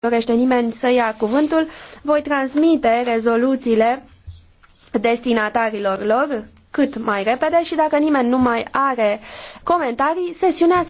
dorește nimeni să ia cuvântul, voi transmite rezoluțiile destinatarilor lor cât mai repede și dacă nimeni nu mai are comentarii, sesiunea